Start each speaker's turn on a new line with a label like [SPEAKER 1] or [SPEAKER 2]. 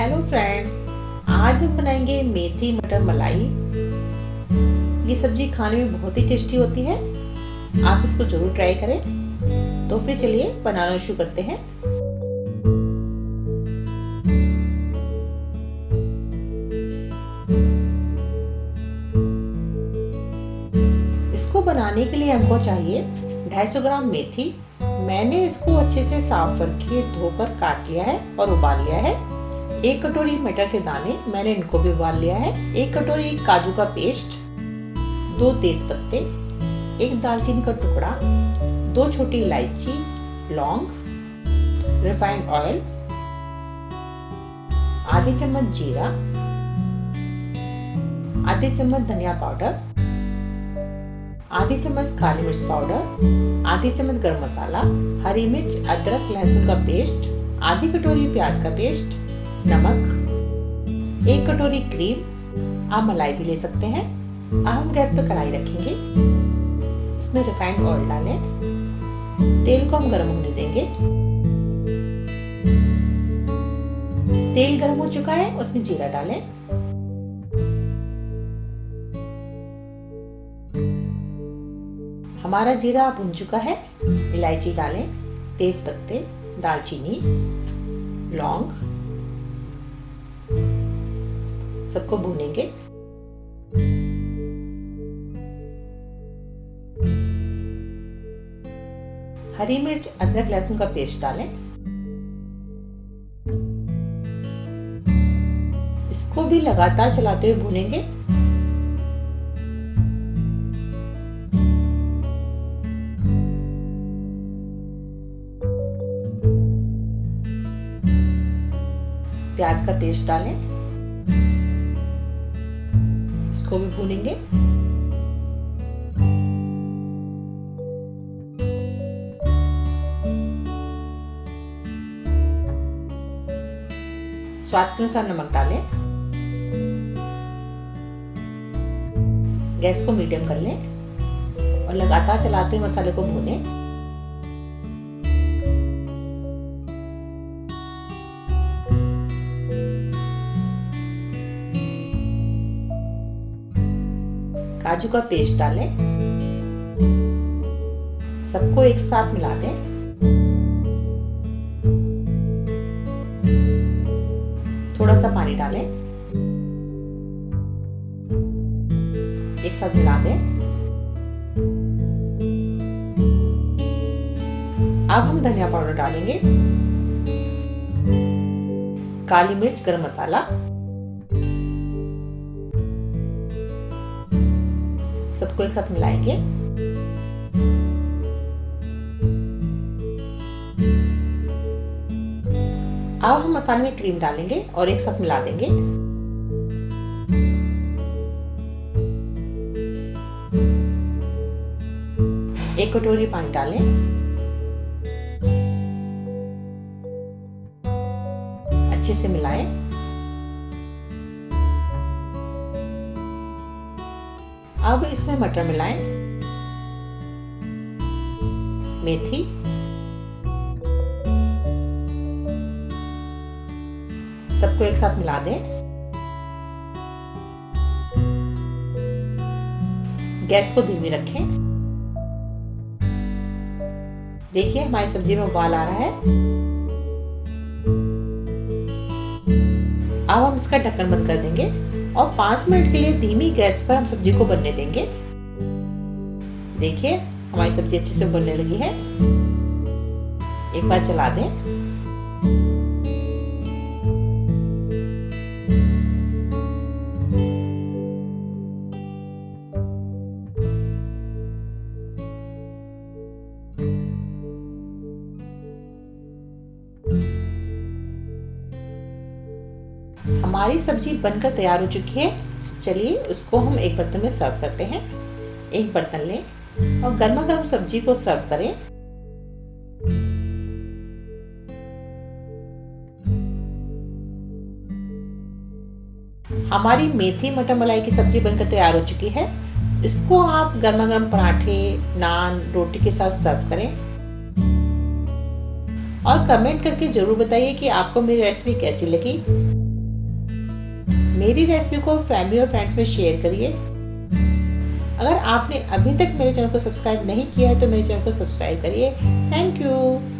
[SPEAKER 1] hello friends आज हम बनाएंगे मेथी मटर मलाई ये सब्जी खाने में बहुत ही टेस्टी होती है आप इसको जरूर ट्राई करें तो फिर चलिए बनाना शुरू करते हैं इसको बनाने के लिए हमको चाहिए 250 ग्राम मेथी मैंने इसको अच्छे से साफ करके धोकर काट लिया है और उबाल लिया है एक कटोरी मटर के दाने मैंने इनको भी उबाल लिया है एक कटोरी काजू का पेस्ट दो तेज पत्ते एक दालचीनी का टुकड़ा दो छोटी इलायची लौंग रिफाइंड ऑयल आधे चम्मच जीरा आधे चम्मच धनिया पाउडर आधे चम्मच काली मिर्च पाउडर आधे चम्मच गरम मसाला हरी मिर्च अदरक लहसुन का पेस्ट आधी कटोरी प्याज का पेस्ट नमक एक कटोरी क्रीम आप मलाई भी ले सकते हैं अब हम गैस पर कढ़ाई रखेंगे इसमें रिफाइंड ऑयल डालें तेल को हम गर्म होने देंगे तेल गर्म हो चुका है उसमें जीरा डालें हमारा जीरा भुन चुका है इलायची डालें तेज पत्ते दालचीनी लौंग सबको भूनेंगे हरी मिर्च अदरक लहसुन का पेस्ट डालें इसको भी लगातार चलाते हुए भूनेंगे प्याज का पेस्ट डालें इसको भी भूनेंगे स्वाद के अनुसार नमक डालें गैस को मीडियम कर लें और लगातार चलाते हुए मसाले को भूनें काजू का पेस्ट डालें सबको एक साथ मिला दें थोड़ा सा पानी डालें एक साथ मिला दें अब हम धनिया पाउडर डालेंगे काली मिर्च गरम मसाला सबको एक साथ मिलाएंगे अब हम मसाले में क्रीम डालेंगे और एक साथ मिला देंगे एक कटोरी पानी डालें अच्छे से मिलाएं अब इसमें मटर मिलाएं मेथी सबको एक साथ मिला दें गैस को धीमी रखें देखिए हमारी सब्जी में उबाल आ रहा है अब हम इसका ढक्कन बंद कर देंगे और पांच मिनट के लिए धीमी गैस पर हम सब्जी को बनने देंगे देखिए हमारी सब्जी अच्छे से बनने लगी है एक बार चला दें हमारी सब्जी बनकर तैयार हो चुकी है चलिए उसको हम एक बर्तन में सर्व करते हैं एक बर्तन लें और गर्मा गर्म सब्जी को सर्व करें हमारी मेथी मटर मलाई की सब्जी बनकर तैयार हो चुकी है इसको आप गर्मा गर्म पराठे नान रोटी के साथ सर्व करें और कमेंट करके ज़रूर बताइए कि आपको मेरी रेसिपी कैसी लगी मेरी रेसिपी को फैमिली और फ्रेंड्स में शेयर करिए अगर आपने अभी तक मेरे चैनल को सब्सक्राइब नहीं किया है तो मेरे चैनल को सब्सक्राइब करिए थैंक यू